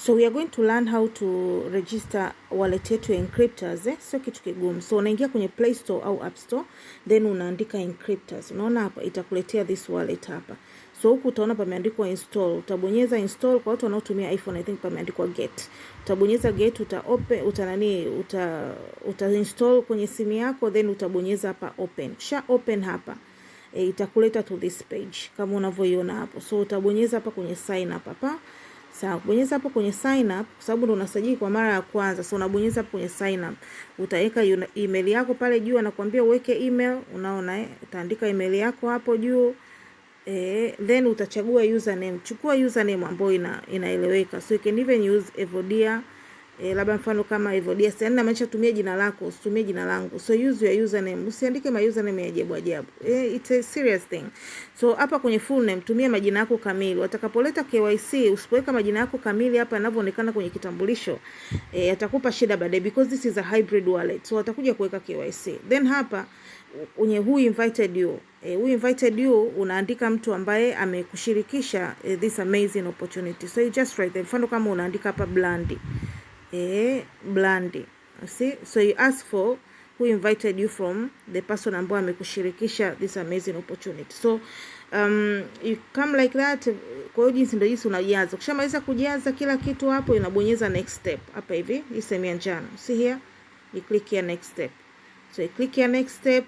So we are going to learn how to register wallet yetu ya Encryptors eh? Sio kitu kigumu. So unaingia kwenye Play Store au App Store then unaandika Encryptors. Unaona hapa itakuletea this wallet hapa. So huku utaona pameandikwa install. Utabonyeza install kwa watu wanaotumia iPhone I think pameandikwa get. Utabonyeza get, uta open, uta nani, uta uta install kwenye simu yako then utabonyeza hapa open. Kisha open hapa. E, itakuleta to this page kama unavyoiona hapo. So utabonyeza hapa kwenye sign up hapa. Sawa, bonyeza hapo kwenye sign up kwa sababu ndo unasajili kwa mara ya kwanza. So unabonyeza hapo kwenye sign up. Utaweka email yako pale juu, anakuambia uweke email, unaona eh? Utaandika email yako hapo juu. Eh, then utachagua username. Chukua username ambayo ina, inaeleweka. So you can even use Evodia E, labda mfano kama hivyo DS, yani namaanisha tumie jina lako, usitumie jina langu. So use your username, usiandike my username ya ajabu ajabu. E, it's a serious thing. So hapa kwenye full name tumia majina yako kamili. Watakapoleta KYC usipoweka majina yako kamili hapa yanavyoonekana kwenye kitambulisho, e, atakupa shida baadaye because this is a hybrid wallet. So watakuja kuweka KYC. Then hapa kwenye who invited you E, who invited you unaandika mtu ambaye amekushirikisha, e, this amazing opportunity. So you just write, mfano kama unaandika hapa Blandi eh, blandi. See? So you ask for who invited you from the person ambaye amekushirikisha this amazing opportunity. So um, you come like that. Kwa hiyo jinsi ndio jinsi unajaza. Ukishamaliza kujaza kila kitu hapo, unabonyeza next step hapa hivi, hii sehemu ya njano. See here? You click here next step. So you click here next step.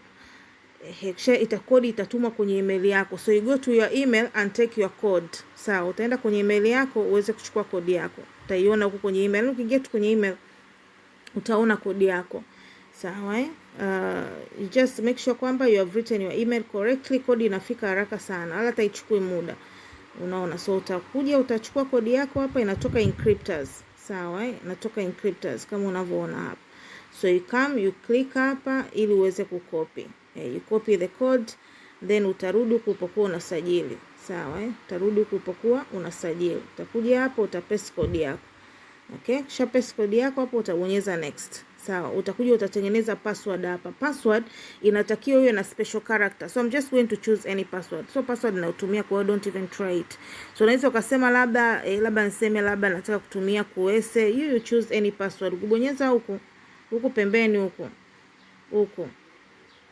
Hekshe ita itakodi itatumwa kwenye email yako. So you go to your email and take your code. Sawa, utaenda kwenye email yako uweze kuchukua kodi yako utaiona huko kwenye email. Yaani ukiingia tu kwenye email utaona kodi yako sawa. Eh, uh, just make sure kwamba you have written your email correctly. Kodi inafika haraka sana, wala itaichukui muda, unaona. So utakuja utachukua kodi yako hapa, inatoka encryptors. sawa, eh, inatoka encryptors kama unavyoona hapa. So you come you click hapa ili uweze kukopi eh, you copy the code then utarudi kupokuwa unasajili sawa, eh, utarudi kupokuwa unasajili, utakuja hapo utapaste kodi yako. Okay, kisha code yako hapo, utabonyeza next. Sawa, utakuja utatengeneza password hapa. Password inatakiwa iwe na special character. So I'm just going to choose any password. So password ninayotumia kwa don't even try it. So unaweza ukasema labda eh, labda niseme labda nataka kutumia kuese. You, you choose any password. Kubonyeza huku huku pembeni huku huku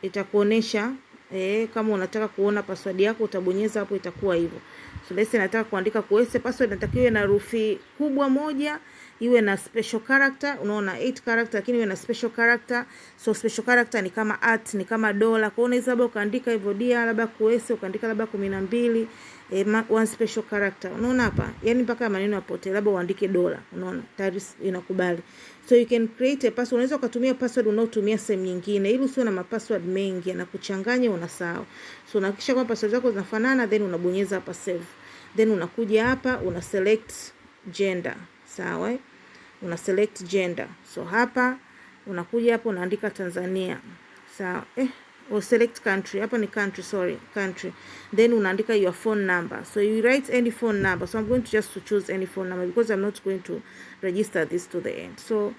itakuonesha E, kama unataka kuona password yako utabonyeza hapo, itakuwa hivyo. So let's say nataka kuandika kuwese password, natakiwa iwe na herufi kubwa moja, iwe na special character, unaona 8 character, lakini iwe na special character. So special character ni kama at, ni kama dola. Kwa hiyo unaweza labda ukaandika hivyo dia, labda kuwese ukaandika labda 12 eh, one special character. Unaona hapa, yani mpaka maneno yapote, labda uandike dola, unaona tayari inakubali so you can create a password. Unaweza ukatumia password unaotumia sehemu nyingine, ili usiwe na mapassword mengi anakuchanganya, unasahau. So unahakikisha kwamba password zako zinafanana, then unabonyeza hapa save, then unakuja hapa una select gender, sawa? Eh? Una select gender, so hapa unakuja hapa unaandika Tanzania, sawa eh or oh, select country. Hapa ni country, sorry, country. Then unaandika your phone number. So you write any phone number. So I'm going to just to choose any phone number because I'm not going to register this to the end. So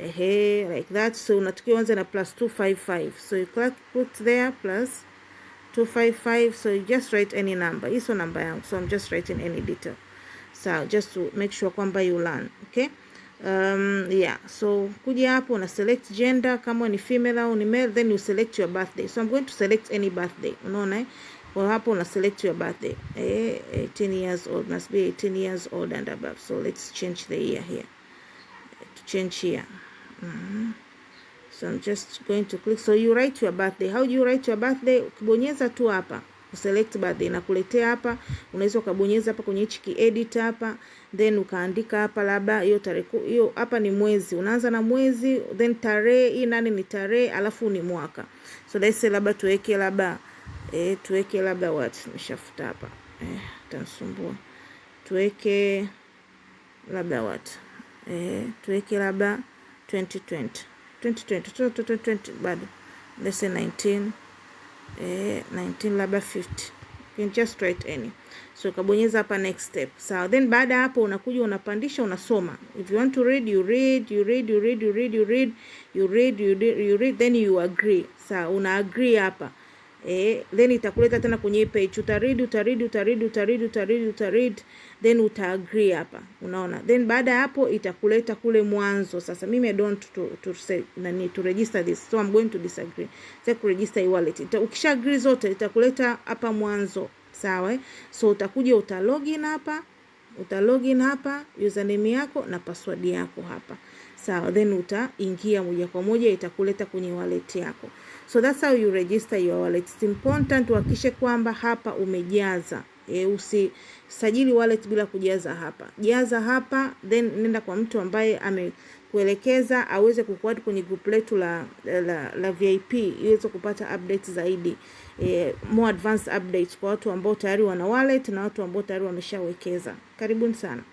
ehe, like that. So unatakiwa anza na plus 255. So you click put there plus 255. So you just write any number. Hiyo namba yangu. So I'm just writing any detail. So just to make sure kwamba you learn. Okay? Um, yeah so kuja hapo una select gender kama ni female au ni male, then you select your birthday. So I'm going to select any birthday, unaona eh? Well, hapo una select your birthday eh, 18 years old must be 18 years old and above. So let's change the year here to change here mm -hmm. So I'm just going to click. So you write your birthday. How do you write your birthday? Ukibonyeza tu hapa kuselect baadhi na kuletea hapa, unaweza ukabonyeza hapa kwenye hichi kiedit hapa, then ukaandika hapa labda hiyo tarehe hiyo. Hapa ni mwezi, unaanza na mwezi, then tarehe hii nani ni tarehe, alafu ni mwaka. So let's say labda tuweke labda eh, tuweke labda what, nimeshafuta hapa eh, tansumbua, tuweke labda what eh, tuweke labda 2020 2020 2020 bado let's say 19 eh, 19 labda 50 you can just write any so kabonyeza hapa next step sawa. So, then baada hapo unakuja unapandisha unasoma. If you want to read you read you read you read you read you read you read you read, you read then you agree sawa. So, una agree hapa E, then itakuleta tena kwenye hii page, utaread utaread utaread utaread utaread utaread, then uta agree hapa, unaona. Then baada ya hapo itakuleta kule mwanzo. Sasa mimi I don't to, to say nani to register this, so I'm going to disagree, sasa ku register e-wallet. Ita, ukisha agree zote itakuleta hapa mwanzo, sawa eh? So utakuja uta login hapa, uta login hapa, username yako na password yako hapa, sawa. Then utaingia moja kwa moja, itakuleta kwenye wallet yako. So that's how you register your wallet. It's important uhakishe kwamba hapa umejaza E, usisajili wallet bila kujaza hapa. Jaza hapa then nenda kwa mtu ambaye amekuelekeza aweze kukuadi kwenye group letu la, la, la VIP iweze kupata updates zaidi e, more advanced updates kwa watu ambao tayari wana wallet na watu ambao tayari wameshawekeza. Karibuni sana.